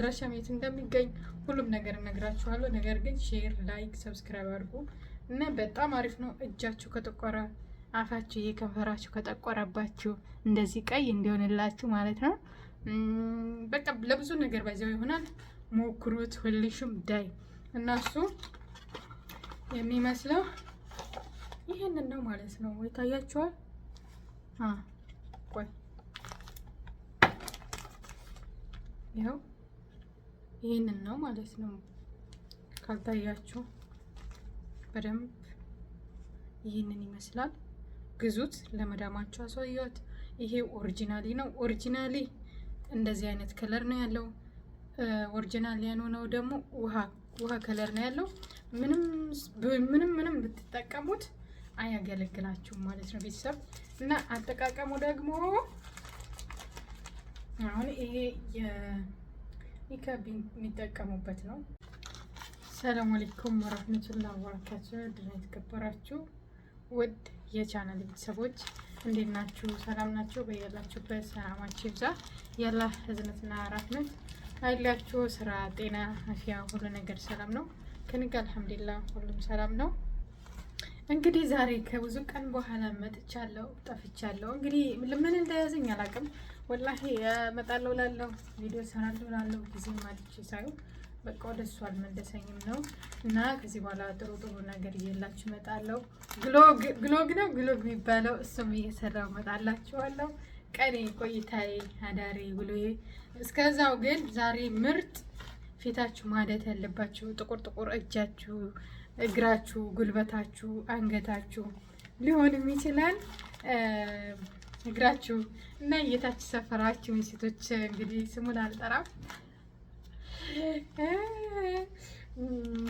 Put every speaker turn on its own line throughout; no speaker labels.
አድራሻም የት እንደሚገኝ ሁሉም ነገር እነግራችኋለሁ። ነገር ግን ሼር፣ ላይክ፣ ሰብስክራይብ አድርጉ እና በጣም አሪፍ ነው። እጃችሁ ከጠቆረ አፋችሁ ይሄ ከንፈራችሁ ከጠቆረባችሁ እንደዚህ ቀይ እንዲሆንላችሁ ማለት ነው። በቃ ለብዙ ነገር በዚያው ይሆናል። ሞክሩት። ሁልሽም ዳይ እናሱ የሚመስለው ይህንን ነው ማለት ነው። ይታያችኋል። ቆይ ይኸው ይህንን ነው ማለት ነው። ካልታያችሁ በደንብ ይህንን ይመስላል። ግዙት፣ ለመዳማችሁ አሳያት ይሄ ኦሪጂናሊ ነው። ኦሪጂናሊ እንደዚህ አይነት ከለር ነው ያለው። ኦሪጂናል ያልሆነው ደግሞ ውሃ ውሃ ከለር ነው ያለው። ምንም ምንም ምንም ብትጠቀሙት አያገለግላችሁም ማለት ነው ቤተሰብ እና አጠቃቀሙ ደግሞ አሁን ይሄ ኒካብ የሚጠቀሙበት ነው። ሰላም አለይኩም ወራህመቱላሂ ወበረካቱ። ድና የተከበራችሁ ውድ የቻናል ቤተሰቦች እንዴት ናችሁ? ሰላም ናችሁ? በያላችሁበት ሰላማችሁ ይብዛ። የአላህ እዝነትና ራህመት አይላችሁ። ስራ፣ ጤና፣ አፊያ ሁሉ ነገር ሰላም ነው። ከንግ አልሐምዱሊላህ ሁሉም ሰላም ነው። እንግዲህ ዛሬ ከብዙ ቀን በኋላ መጥቻለሁ። ጠፍቻለሁ። እንግዲህ ምን እንደያዘኝ አላውቅም። ወላሂ እመጣለሁ እላለሁ፣ ቪዲዮ እሰራለሁ እላለሁ። ጊዜ ማድቼ ሳይሆን በቃ ወደ እሱ አልመለሰኝም ነው እና ከዚህ በኋላ ጥሩ ጥሩ ነገር እየላችሁ እመጣለሁ። ግሎግ ነው ግሎግ የሚባለው እሱም እየሰራሁ እመጣላችኋለሁ። ቀኔ ቆይታዬ፣ አዳሬ፣ ውሎዬ። እስከዛው ግን ዛሬ ምርጥ ፊታችሁ ማደት ያለባችሁ ጥቁር ጥቁር እጃችሁ፣ እግራችሁ፣ ጉልበታችሁ፣ አንገታችሁ ሊሆንም ይችላል። እግራችሁ እና እየታች ሰፈራችሁ ሴቶች እንግዲህ ስሙን አልጠራም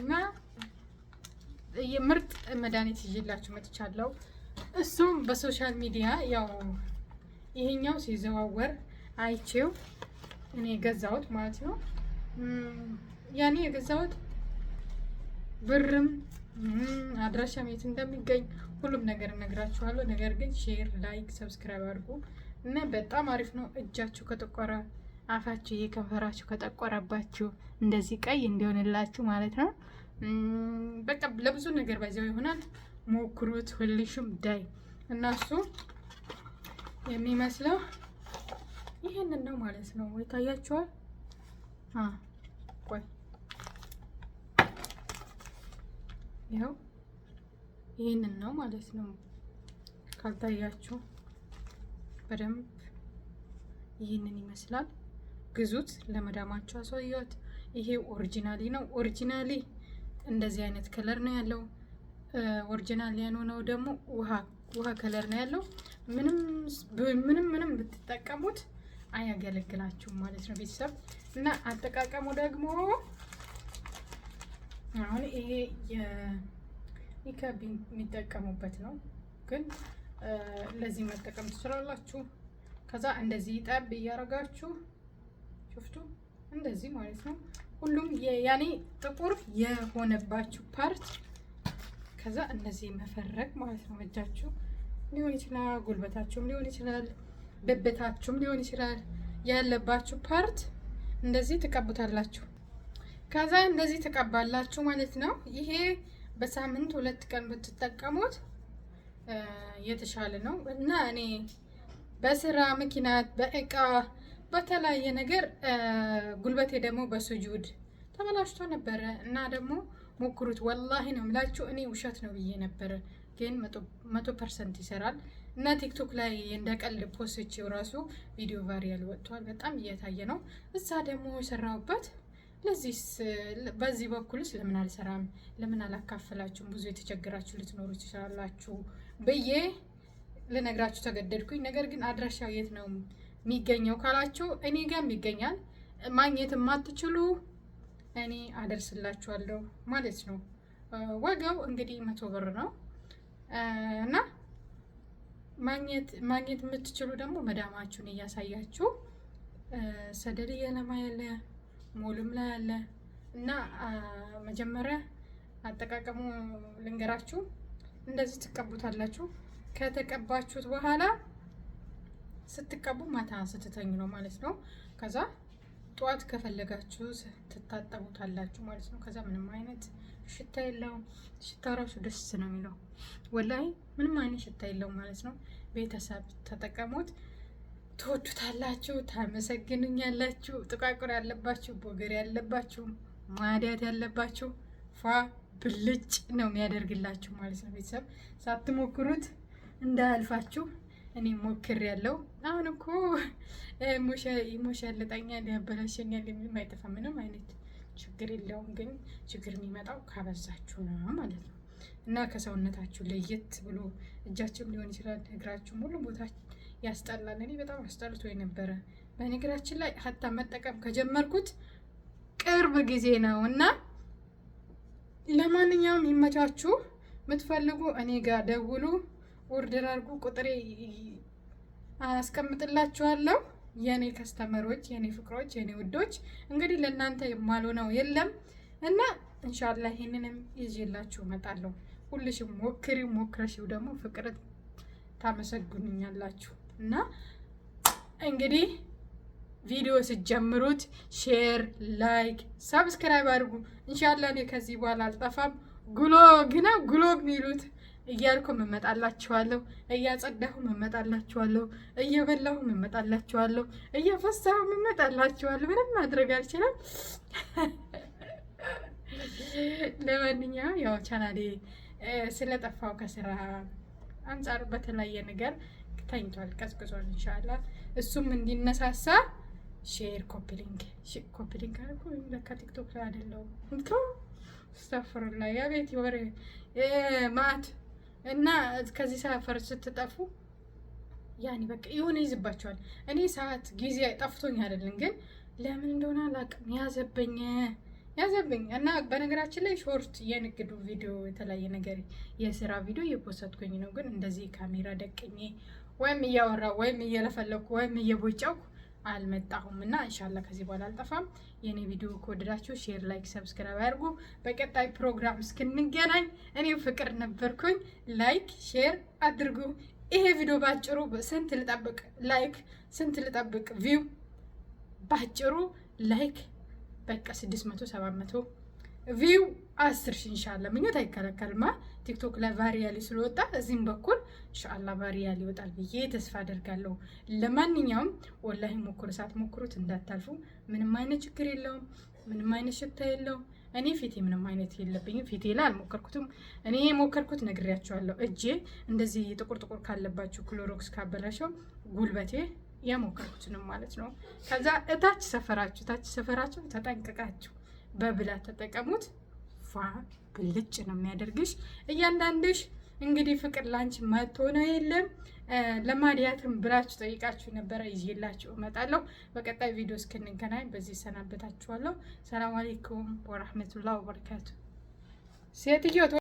እና የምርጥ መድኃኒት ይዤላችሁ መጥቻለሁ። እሱም በሶሻል ሚዲያ ያው ይሄኛው ሲዘዋወር አይቼው እኔ የገዛሁት ማለት ነው። ያኔ የገዛሁት ብርም አድራሻም የት እንደሚገኝ ሁሉም ነገር እነግራችኋለሁ። ነገር ግን ሼር፣ ላይክ፣ ሰብስክራይብ አድርጉ እና በጣም አሪፍ ነው። እጃችሁ ከጠቆረ አፋችሁ ይሄ ከንፈራችሁ ከጠቆረባችሁ እንደዚህ ቀይ እንዲሆንላችሁ ማለት ነው። በቃ ለብዙ ነገር ባይዘው ይሆናል። ሞክሩት። ሁልሽም ዳይ እና እሱ የሚመስለው ይህንን ነው ማለት ነው። ይታያችኋል። ያው ይህንን ነው ማለት ነው። ካልታያችሁ በደንብ ይህንን ይመስላል። ግዙት፣ ለመዳማችሁ አሳያት ይሄ ኦሪጂናሊ ነው። ኦሪጂናሊ እንደዚህ አይነት ከለር ነው ያለው። ኦሪጂናል ያልሆነው ደግሞ ውሃ ውሃ ከለር ነው ያለው። ምንም ምንም ምንም ብትጠቀሙት አያገለግላችሁም ማለት ነው ቤተሰብ እና አጠቃቀሙ ደግሞ አሁን ይሄ የኒከብ የሚጠቀሙበት ነው፣ ግን ለዚህ መጠቀም ትችላላችሁ። ከዛ እንደዚህ ጠብ እያረጋችሁ ሽፍቱ እንደዚህ ማለት ነው። ሁሉም ያኔ ጥቁር የሆነባችሁ ፓርት ከዛ እንደዚህ መፈረግ ማለት ነው። እጃችሁ ሊሆን ይችላል፣ ጉልበታችሁም ሊሆን ይችላል፣ ብብታችሁም ሊሆን ይችላል። ያለባችሁ ፓርት እንደዚህ ትቀቡታላችሁ። ከዛ እንደዚህ ተቀባላችሁ ማለት ነው። ይሄ በሳምንት ሁለት ቀን ብትጠቀሙት የተሻለ ነው እና እኔ በስራ ምክንያት በእቃ በተለያየ ነገር ጉልበቴ ደግሞ በሱጁድ ተበላሽቶ ነበረ እና ደግሞ ሞክሩት። ወላሂ ነው የምላችሁ እኔ ውሸት ነው ብዬ ነበረ፣ ግን መቶ ፐርሰንት ይሰራል እና ቲክቶክ ላይ እንደ ቀልድ ፖስቼው ራሱ ቪዲዮ ቫሪያል ወጥቷል። በጣም እየታየ ነው። እዛ ደግሞ የሰራሁበት ለዚህስ በዚህ በኩልስ ለምን አልሰራም፣ ለምን አላካፈላችሁም፣ ብዙ የተቸገራችሁ ልትኖሩ ትችላላችሁ ብዬ ልነግራችሁ ተገደድኩኝ። ነገር ግን አድራሻው የት ነው የሚገኘው ካላችሁ እኔ ጋም ይገኛል። ማግኘት የማትችሉ እኔ አደርስላችኋለሁ ማለት ነው። ዋጋው እንግዲህ መቶ ብር ነው እና ማግኘት ማግኘት የምትችሉ ደግሞ መዳማችሁን እያሳያችሁ ሰደልየ ለማ ያለ ሞልም ላይ አለ እና መጀመሪያ አጠቃቀሙ ልንገራችሁ። እንደዚህ ትቀቡታላችሁ። ከተቀባችሁት በኋላ ስትቀቡ ማታ ስትተኙ ነው ማለት ነው። ከዛ ጠዋት ከፈለጋችሁ ትታጠቡታላችሁ ማለት ነው። ከዛ ምንም አይነት ሽታ የለውም። ሽታ ራሱ ደስ ነው የሚለው። ወላይ ምንም አይነት ሽታ የለውም ማለት ነው። ቤተሰብ ተጠቀሙት። ትወዱታላችሁ፣ ታመሰግኑኛላችሁ። ጥቋቁር ያለባችሁ፣ ቦገር ያለባችሁ፣ ማዲያት ያለባችሁ ፏ ብልጭ ነው የሚያደርግላችሁ ማለት ነው። ቤተሰብ ሳትሞክሩት እንዳያልፋችሁ እኔ ሞክር ያለው አሁን እኮ ኢሞሽ ያለጣኛል፣ ያበላሸኛል የሚልም አይጠፋ። ምንም አይነት ችግር የለውም። ግን ችግር የሚመጣው ካበዛችሁ ነው ማለት ነው እና ከሰውነታችሁ ለየት ብሎ እጃችሁም ሊሆን ይችላል እግራችሁም ሁሉ ቦታ ያስጠላል። እኔ በጣም አስጠልቶ የነበረ በነገራችን ላይ ሀታ መጠቀም ከጀመርኩት ቅርብ ጊዜ ነው እና ለማንኛውም ይመቻችሁ። የምትፈልጉ እኔ ጋር ደውሉ፣ ኦርደር አርጉ፣ ቁጥሬ አስቀምጥላችኋለሁ። የእኔ ከስተመሮች፣ የእኔ ፍቅሮች፣ የእኔ ውዶች እንግዲህ ለእናንተ ነው የለም እና እንሻላ ይሄንንም ይዤላችሁ እመጣለሁ። ሁልሽም ሞክሪ፣ ሞክረሽው ደግሞ ፍቅር ታመሰግኑኛላችሁ። እና እንግዲህ ቪዲዮ ስትጀምሩት ሼር፣ ላይክ፣ ሰብስክራይብ አድርጉ። እንሻላ እኔ ከዚህ በኋላ አልጠፋም። ጉሎግ ነው ጉሎግ ሚሉት እያልኩ መመጣላችኋለሁ፣ እያጸዳሁ መመጣላችኋለሁ፣ እየበላሁ መመጣላችኋለሁ፣ እየፈሳሁ መመጣላችኋለሁ። ምንም ማድረግ አልችልም። ለማንኛውም ያው ቻናሌ ስለጠፋው ከስራ አንጻር በተለያየ ነገር ተኝቷል፣ ቀዝቅዟል። እንሻላ እሱም እንዲነሳሳ ሼር፣ ኮፒሊንግ ኮፒሊንግ አርጎ ለካ ቲክቶክ ላይ አይደለሁም እንቶ ስተፍሩላ ያቤት ወሬ ማት እና ከዚህ ሰፈር ስትጠፉ ያኔ በቃ የሆነ ይዝባቸዋል። እኔ ሰዓት ጊዜ ጠፍቶኝ አይደለም፣ ግን ለምን እንደሆነ አላውቅም ያዘበኝ ያዘብኝ እና በነገራችን ላይ ሾርት የንግዱ ቪዲዮ የተለያየ ነገር የስራ ቪዲዮ እየፖሰትኩኝ ነው። ግን እንደዚህ ካሜራ ደቅኜ ወይም እያወራው ወይም እየለፈለኩ ወይም እየቦጫኩ አልመጣሁም እና እንሻላ ከዚህ በኋላ አልጠፋም። የእኔ ቪዲዮ ከወደዳችሁ ሼር፣ ላይክ፣ ሰብስክራይብ አድርጉ። በቀጣይ ፕሮግራም እስክንገናኝ እኔ ፍቅር ነበርኩኝ። ላይክ ሼር አድርጉ። ይሄ ቪዲዮ ባጭሩ ስንት ልጠብቅ ላይክ፣ ስንት ልጠብቅ ቪው? ባጭሩ ላይክ በቃ 600 መቶ ቪው አስር ሺ እንሻላ ምኞት አይከለከልማ። ቲክቶክ ላይ ቫይራል ስለወጣ እዚህም በኩል እንሻላ ቫይራል ይወጣል ብዬ ተስፋ አደርጋለሁ። ለማንኛውም ወላሂ ሞክሩ፣ ሞክሩት እንዳታልፉ። ምንም አይነት ችግር የለውም፣ ምንም አይነት ሽታ የለውም። እኔ ፊቴ ምንም አይነት የለብኝም። ፊቴ ላይ አልሞከርኩትም። እኔ የሞከርኩት ነግሬያቸዋለሁ። እጄ እንደዚህ ጥቁር ጥቁር ካለባቸው ክሎሮክስ ካበላሸው ጉልበቴ የሞከርኩትንም ማለት ነው። ከዛ እታች ሰፈራችሁ እታች ሰፈራችሁ ተጠንቅቃችሁ በብላት ተጠቀሙት። ፏ ግልጭ ነው የሚያደርግሽ። እያንዳንድሽ እንግዲህ ፍቅር ላንቺ መቶ ነው የለም ለማዲያትም ብላችሁ ጠይቃችሁ ነበረ። ይዤላችሁ እመጣለሁ። በቀጣይ ቪዲዮ እስክንገናኝ በዚህ ሰናበታችኋለሁ። ሰላም አሌይኩም ወራህመቱላህ ወበረካቱ። ሴትዮ